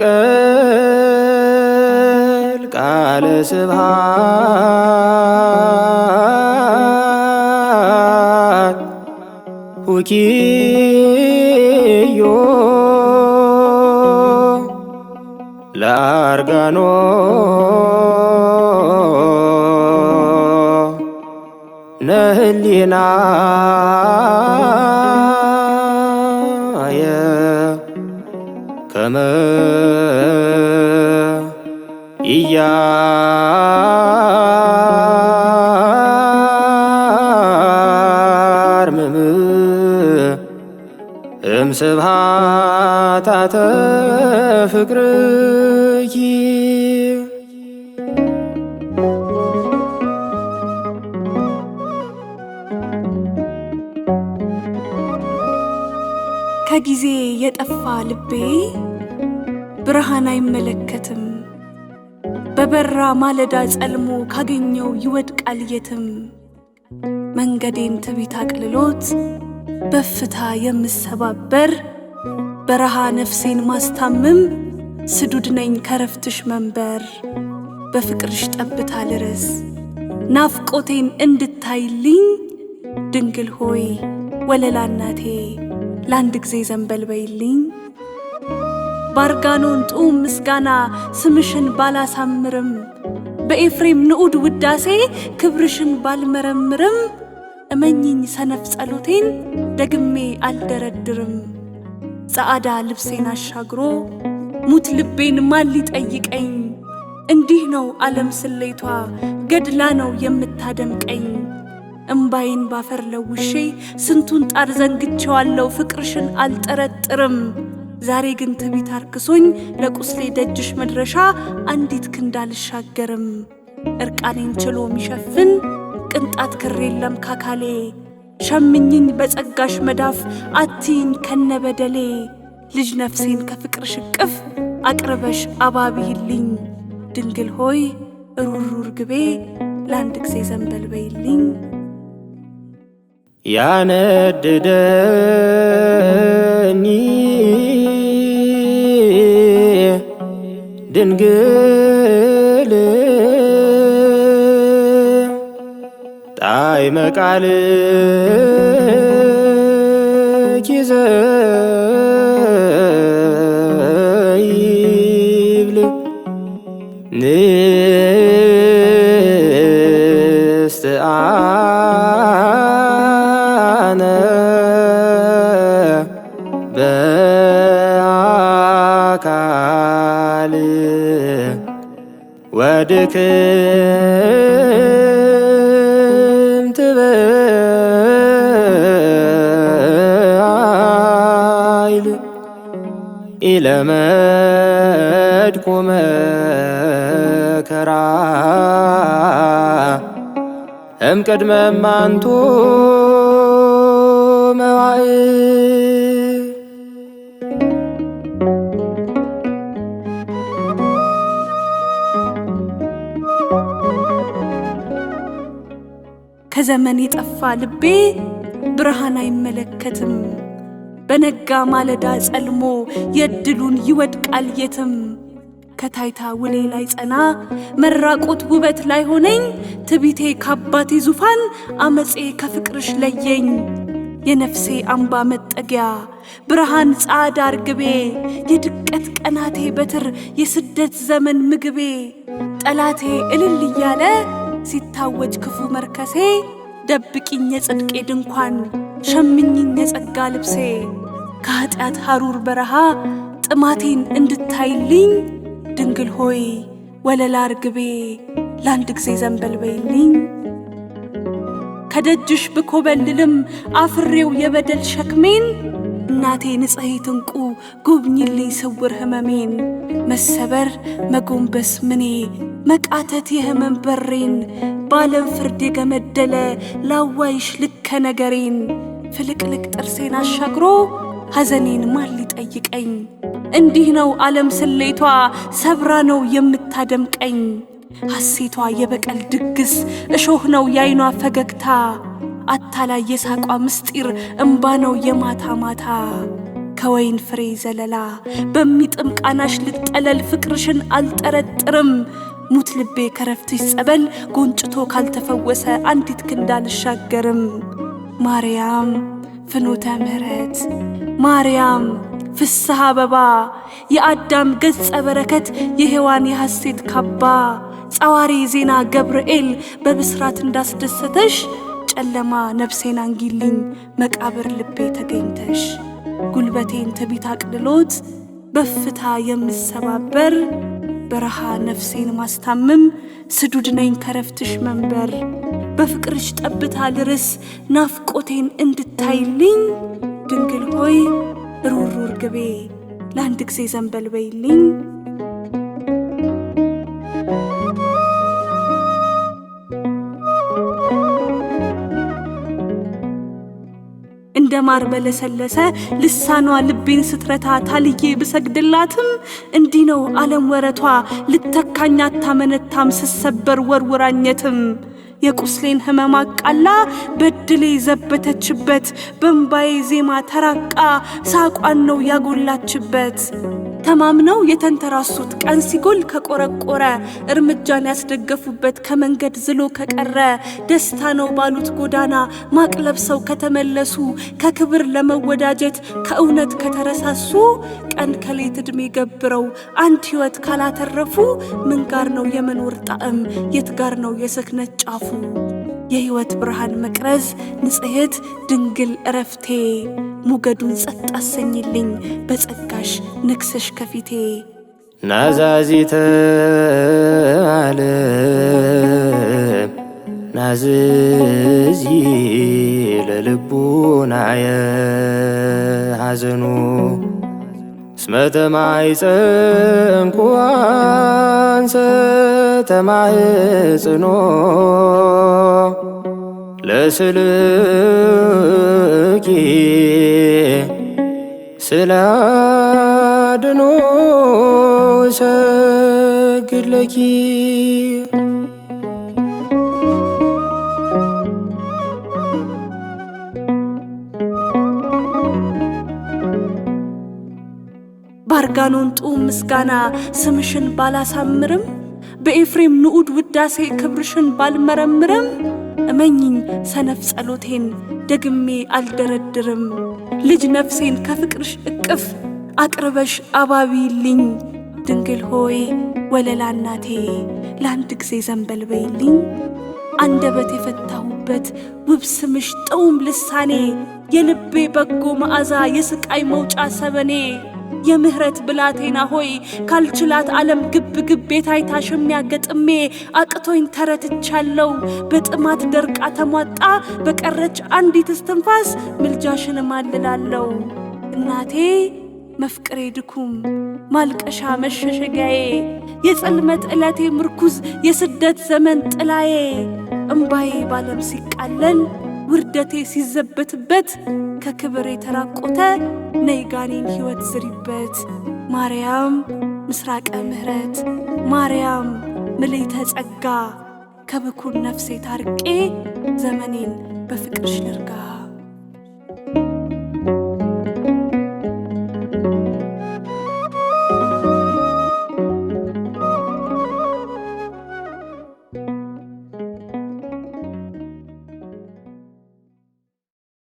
ቀል ቃለ ስብሐት ውኪዮ ለአርጋኖ ነህሊና Come እያርምም እምስብሃታተ ፍቅርኪ ከጊዜ የጠፋ ልቤ ብርሃን አይመለከትም በበራ ማለዳ ጸልሞ ካገኘው ይወድቃል የትም መንገዴን ትቢት አቅልሎት በፍታ የምሰባበር በረሃ ነፍሴን ማስታምም ስዱድ ነኝ ከረፍትሽ መንበር በፍቅርሽ ጠብታ ልረስ ናፍቆቴን እንድታይልኝ ድንግል ሆይ ወለላናቴ ለአንድ ጊዜ ዘንበል በይልኝ። ባርጋኖን ጡም ምስጋና ስምሽን ባላሳምርም በኤፍሬም ንዑድ ውዳሴ ክብርሽን ባልመረምርም እመኝኝ ሰነፍ ጸሎቴን ደግሜ አልደረድርም። ጸዓዳ ልብሴን አሻግሮ ሙት ልቤን ማን ሊጠይቀኝ? እንዲህ ነው ዓለም ስሌቷ ገድላ ነው የምታደምቀኝ። እምባዬን ባፈር ለውሼ ስንቱን ጣር ዘንግቼዋለሁ ፍቅርሽን አልጠረጥርም። ዛሬ ግን ትቢት አርክሶኝ ለቁስሌ ደጅሽ መድረሻ አንዲት ክንድ አልሻገርም። እርቃኔን ችሎ ሚሸፍን ቅንጣት ክር የለም ካካሌ ሸምኝኝ በጸጋሽ መዳፍ አትይኝ ከነበደሌ ልጅ ነፍሴን ከፍቅር ሽቅፍ አቅርበሽ አባብይልኝ። ድንግል ሆይ ሩሩ ርግቤ ለአንድ ጊዜ ዘንበል በይልኝ። ያነድደኒ ድንግል ጣዕመ ቃልኪ ዘይብል ንስት አነ በአካል ወድክምት በኃይል ኢለመድኩ መከራ እምቅድመ ማንቱ መዋዕል ከዘመን የጠፋ ልቤ ብርሃን አይመለከትም። በነጋ ማለዳ ጸልሞ የድሉን ይወድቃል የትም ከታይታ ውሌ ላይ ጸና መራቆት ውበት ላይ ሆነኝ ትቢቴ ካባቴ ዙፋን አመፄ ከፍቅርሽ ለየኝ የነፍሴ አምባ መጠጊያ ብርሃን ጻዳ ርግቤ የድቀት ቀናቴ በትር የስደት ዘመን ምግቤ ጠላቴ እልል እያለ ሲታወጅ ክፉ መርከሴ ደብቂኝ የጽድቄ ድንኳን ሸምኝኝ የጸጋ ልብሴ ከኃጢአት ሐሩር በረሃ ጥማቴን እንድታይልኝ ድንግል ሆይ ወለላ ርግቤ ለአንድ ጊዜ ዘንበል በይልኝ። ከደጅሽ ብኮበልልም አፍሬው የበደል ሸክሜን እናቴ ንጽሕት እንቁ ጎብኝልኝ ስውር ህመሜን መሰበር መጎንበስ ምኔ መቃተት የህመም በሬን ባለም ፍርድ የገመደለ ላዋይሽ ልከ ነገሬን ፍልቅልቅ ጥርሴን አሻግሮ ሐዘኔን ማን ሊጠይቀኝ እንዲህ ነው ዓለም ስሌቷ ሰብራ ነው የምታደምቀኝ ሐሴቷ የበቀል ድግስ እሾህ ነው የአይኗ ፈገግታ አታላይ የሳቋ ምስጢር እምባ ነው የማታ ማታ ከወይን ፍሬ ዘለላ በሚጥም ቃናሽ ልጠለል ፍቅርሽን አልጠረጥርም ሙት ልቤ ከረፍትሽ ጸበል ጎንጭቶ ካልተፈወሰ አንዲት ክንድ አልሻገርም። ማርያም ፍኖተ ምሕረት ማርያም ፍስሐ አበባ የአዳም ገጸ በረከት የሔዋን የሐሴት ካባ ጸዋሪ ዜና ገብርኤል በብስራት እንዳስደሰተሽ ጨለማ ነፍሴን አንጊልኝ መቃብር ልቤ ተገኝተሽ ጉልበቴን ትቢት አቅልሎት በፍታ የምሰባበር በረሃ ነፍሴን ማስታመም ስዱድ ነኝ ከረፍትሽ መንበር በፍቅርሽ ጠብታ ልርስ ናፍቆቴን እንድታይልኝ ድንግል ሆይ ሩሩር ግቤ ለአንድ ጊዜ ዘንበል በይልኝ። ማር በለሰለሰ ልሳኗ ልቤን ስትረታ ታልዬ ብሰግድላትም እንዲህ ነው ዓለም ወረቷ ልተካኛ ታመነታም ስሰበር ወርውራኘትም የቁስሌን ህመም አቃላ በድሌ ዘበተችበት በእምባዬ ዜማ ተራቃ ሳቋን ነው ያጎላችበት። ተማምነው የተንተራሱት ቀን ሲጎል ከቆረቆረ እርምጃን ያስደገፉበት ከመንገድ ዝሎ ከቀረ ደስታ ነው ባሉት ጎዳና ማቅ ለብሰው ከተመለሱ ከክብር ለመወዳጀት ከእውነት ከተረሳሱ ቀን ከሌት ዕድሜ ገብረው አንድ ሕይወት ካላተረፉ ምን ጋር ነው የመኖር ጣዕም? የት ጋር ነው የስክነት ጫፉ? የህይወት ብርሃን መቅረዝ ንጽሕት ድንግል እረፍቴ ሞገዱን ጸጥ አሰኝልኝ በጸጋሽ ንግሥሽ ከፊቴ ናዛዚተ ዓለም ናዝዚ ለልቡናየ ሐዘኑ ስመተማይ ፀንኩዋን ሰተማይ ጽኖ ለስልኪ ስላድኖ ሰግድለኪ በአርጋኖን ጡም ምስጋና ስምሽን ባላሳምርም በኤፍሬም ንዑድ ውዳሴ ክብርሽን ባልመረምርም እመኝኝ ሰነፍ ጸሎቴን ደግሜ አልደረድርም። ልጅ ነፍሴን ከፍቅርሽ እቅፍ አቅርበሽ አባቢልኝ። ድንግል ሆይ ወለላ እናቴ ለአንድ ጊዜ ዘንበል በይልኝ። አንደበት የፈታሁበት ውብ ስምሽ ጥዑም ልሳኔ የልቤ በጎ መዓዛ የስቃይ መውጫ ሰበኔ የምህረት ብላቴና ሆይ ካልችላት ዓለም ግብ ግብ ቤታይታ ሸሚያ ገጥሜ አቅቶኝ ተረትቻለው በጥማት ደርቃ ተሟጣ በቀረች አንዲት እስትንፋስ ምልጃሽን ማልላለው እናቴ መፍቅሬ ድኩም ማልቀሻ መሸሸጊያዬ የጽልመት ዕለቴ ምርኩዝ የስደት ዘመን ጥላዬ እምባዬ ባለም ሲቃለል ውርደቴ ሲዘበትበት ከክብር የተራቆተ ነይጋኔን ሕይወት ዝሪበት ማርያም ምስራቀ ምሕረት ማርያም ምልዕተ ጸጋ ከብኩር ነፍሴ ታርቄ ዘመኔን በፍቅርሽ ልርጋ